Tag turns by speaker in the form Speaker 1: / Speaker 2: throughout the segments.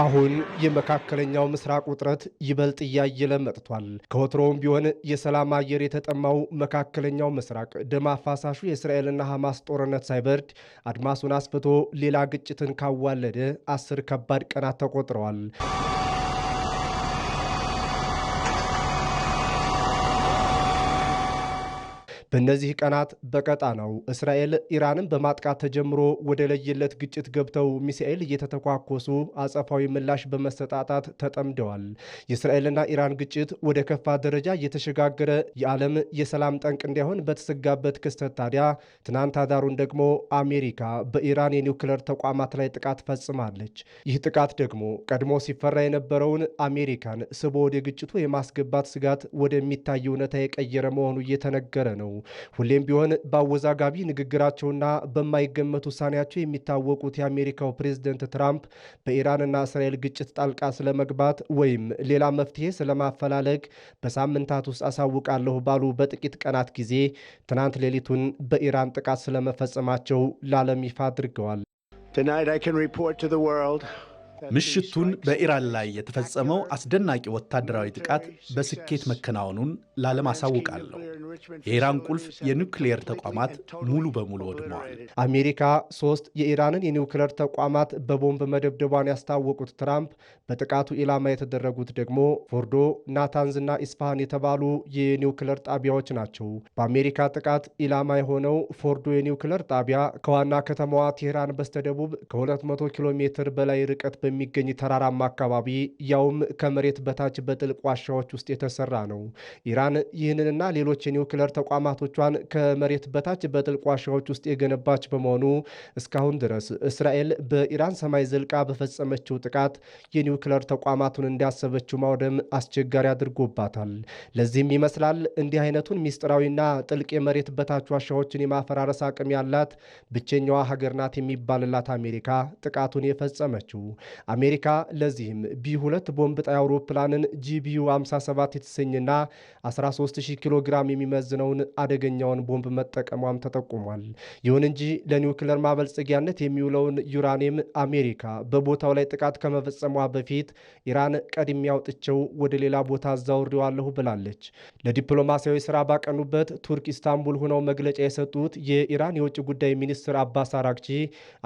Speaker 1: አሁን የመካከለኛው ምስራቅ ውጥረት ይበልጥ እያየለ መጥቷል። ከወትሮውም ቢሆን የሰላም አየር የተጠማው መካከለኛው ምስራቅ ደም አፋሳሹ የእስራኤልና ሐማስ ጦርነት ሳይበርድ አድማሱን አስፍቶ ሌላ ግጭትን ካዋለደ አስር ከባድ ቀናት ተቆጥረዋል። በእነዚህ ቀናት በቀጣናው እስራኤል ኢራንን በማጥቃት ተጀምሮ ወደ ለየለት ግጭት ገብተው ሚሳኤል እየተተኳኮሱ አጸፋዊ ምላሽ በመሰጣጣት ተጠምደዋል። የእስራኤልና ኢራን ግጭት ወደ ከፋ ደረጃ እየተሸጋገረ የዓለም የሰላም ጠንቅ እንዳይሆን በተሰጋበት ክስተት ታዲያ ትናንት አዳሩን ደግሞ አሜሪካ በኢራን የኒውክለር ተቋማት ላይ ጥቃት ፈጽማለች። ይህ ጥቃት ደግሞ ቀድሞ ሲፈራ የነበረውን አሜሪካን ስቦ ወደ ግጭቱ የማስገባት ስጋት ወደሚታይ እውነታ የቀየረ መሆኑ እየተነገረ ነው። ሁሌም ቢሆን በአወዛጋቢ ንግግራቸውና በማይገመት ውሳኔያቸው የሚታወቁት የአሜሪካው ፕሬዝደንት ትራምፕ በኢራንና እስራኤል ግጭት ጣልቃ ስለመግባት ወይም ሌላ መፍትሄ ስለማፈላለግ በሳምንታት ውስጥ አሳውቃለሁ ባሉ በጥቂት ቀናት ጊዜ ትናንት ሌሊቱን በኢራን ጥቃት ስለመፈጸማቸው ለዓለም ይፋ አድርገዋል።
Speaker 2: ምሽቱን በኢራን ላይ የተፈጸመው አስደናቂ ወታደራዊ ጥቃት በስኬት መከናወኑን ለዓለም አሳውቃለሁ። የኢራን ቁልፍ የኒውክሌየር ተቋማት ሙሉ በሙሉ ወድመዋል።
Speaker 1: አሜሪካ ሶስት የኢራንን የኒውክሌር ተቋማት በቦምብ መደብደቧን ያስታወቁት ትራምፕ በጥቃቱ ኢላማ የተደረጉት ደግሞ ፎርዶ፣ ና ኢስፋሃን የተባሉ የኒውክሌር ጣቢያዎች ናቸው። በአሜሪካ ጥቃት ኢላማ የሆነው ፎርዶ የኒውክሌር ጣቢያ ከዋና ከተማዋ ቴህራን በስተደቡብ ከ200 ኪሎ ሜትር በላይ ርቀት በሚገኝ ተራራማ አካባቢ ያውም ከመሬት በታች በጥልቅ ዋሻዎች ውስጥ የተሰራ ነው። ኢራን ኢራን ይህንንና ሌሎች የኒውክለር ተቋማቶቿን ከመሬት በታች በጥልቅ ዋሻዎች ውስጥ የገነባች በመሆኑ እስካሁን ድረስ እስራኤል በኢራን ሰማይ ዘልቃ በፈጸመችው ጥቃት የኒውክለር ተቋማቱን እንዳሰበችው ማውደም አስቸጋሪ አድርጎባታል። ለዚህም ይመስላል እንዲህ አይነቱን ሚስጥራዊና ጥልቅ የመሬት በታች ዋሻዎችን የማፈራረስ አቅም ያላት ብቸኛዋ ሀገር ናት የሚባልላት አሜሪካ ጥቃቱን የፈጸመችው። አሜሪካ ለዚህም ቢ ሁለት ቦምብ ጣይ አውሮፕላንን ጂቢዩ 57 የተሰኘና 13000 ኪሎ ግራም የሚመዝነውን አደገኛውን ቦምብ መጠቀሟም ተጠቁሟል። ይሁን እንጂ ለኒውክለር ማበልጸጊያነት የሚውለውን ዩራኒየም አሜሪካ በቦታው ላይ ጥቃት ከመፈጸሟ በፊት ኢራን ቀድሜ ያውጥቸው ወደ ሌላ ቦታ አዛውሬዋለሁ ብላለች። ለዲፕሎማሲያዊ ስራ ባቀኑበት ቱርክ ኢስታንቡል ሆነው መግለጫ የሰጡት የኢራን የውጭ ጉዳይ ሚኒስትር አባስ አራግቺ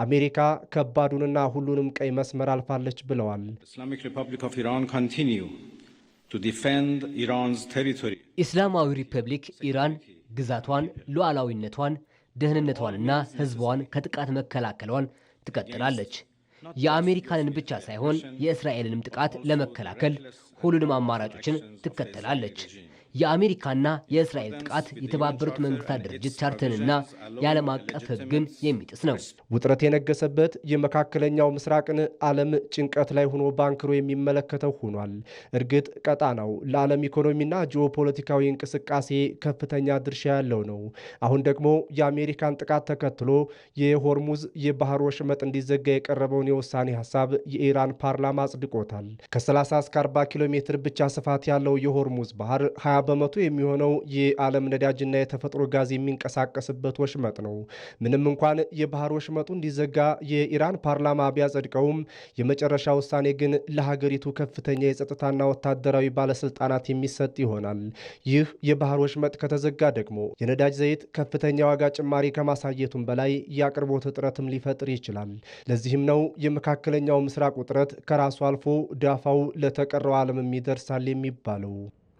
Speaker 1: አሜሪካ ከባዱንና ሁሉንም ቀይ መስመር አልፋለች ብለዋል።
Speaker 3: ኢስላማዊ ሪፐብሊክ ኢራን ግዛቷን፣ ሉዓላዊነቷን፣ ደህንነቷንና ህዝቧን ከጥቃት መከላከሏን ትቀጥላለች። የአሜሪካንን ብቻ ሳይሆን የእስራኤልንም ጥቃት ለመከላከል ሁሉንም አማራጮችን ትከተላለች። የአሜሪካና የእስራኤል ጥቃት የተባበሩት መንግስታት ድርጅት ቻርተንና የዓለም አቀፍ ሕግን የሚጥስ ነው።
Speaker 1: ውጥረት የነገሰበት የመካከለኛው ምስራቅን ዓለም ጭንቀት ላይ ሆኖ ባንክሮ የሚመለከተው ሆኗል። እርግጥ ቀጣናው ለዓለም ኢኮኖሚና ጂኦፖለቲካዊ እንቅስቃሴ ከፍተኛ ድርሻ ያለው ነው። አሁን ደግሞ የአሜሪካን ጥቃት ተከትሎ የሆርሙዝ የባህር ወሽመጥ እንዲዘጋ የቀረበውን የውሳኔ ሀሳብ የኢራን ፓርላማ አጽድቆታል። ከ30 እስከ 40 ኪሎ ሜትር ብቻ ስፋት ያለው የሆርሙዝ ባህር 20 በመቶ የሚሆነው የዓለም ነዳጅና የተፈጥሮ ጋዝ የሚንቀሳቀስበት ወሽመጥ ነው። ምንም እንኳን የባህር ወሽመጡ እንዲዘጋ የኢራን ፓርላማ ቢያጸድቀውም የመጨረሻ ውሳኔ ግን ለሀገሪቱ ከፍተኛ የጸጥታና ወታደራዊ ባለስልጣናት የሚሰጥ ይሆናል። ይህ የባህር ወሽመጥ ከተዘጋ ደግሞ የነዳጅ ዘይት ከፍተኛ ዋጋ ጭማሪ ከማሳየቱም በላይ የአቅርቦት እጥረትም ሊፈጥር ይችላል። ለዚህም ነው የመካከለኛው ምስራቅ ውጥረት ከራሱ አልፎ ዳፋው ለተቀረው ዓለምም ይደርሳል የሚባለው።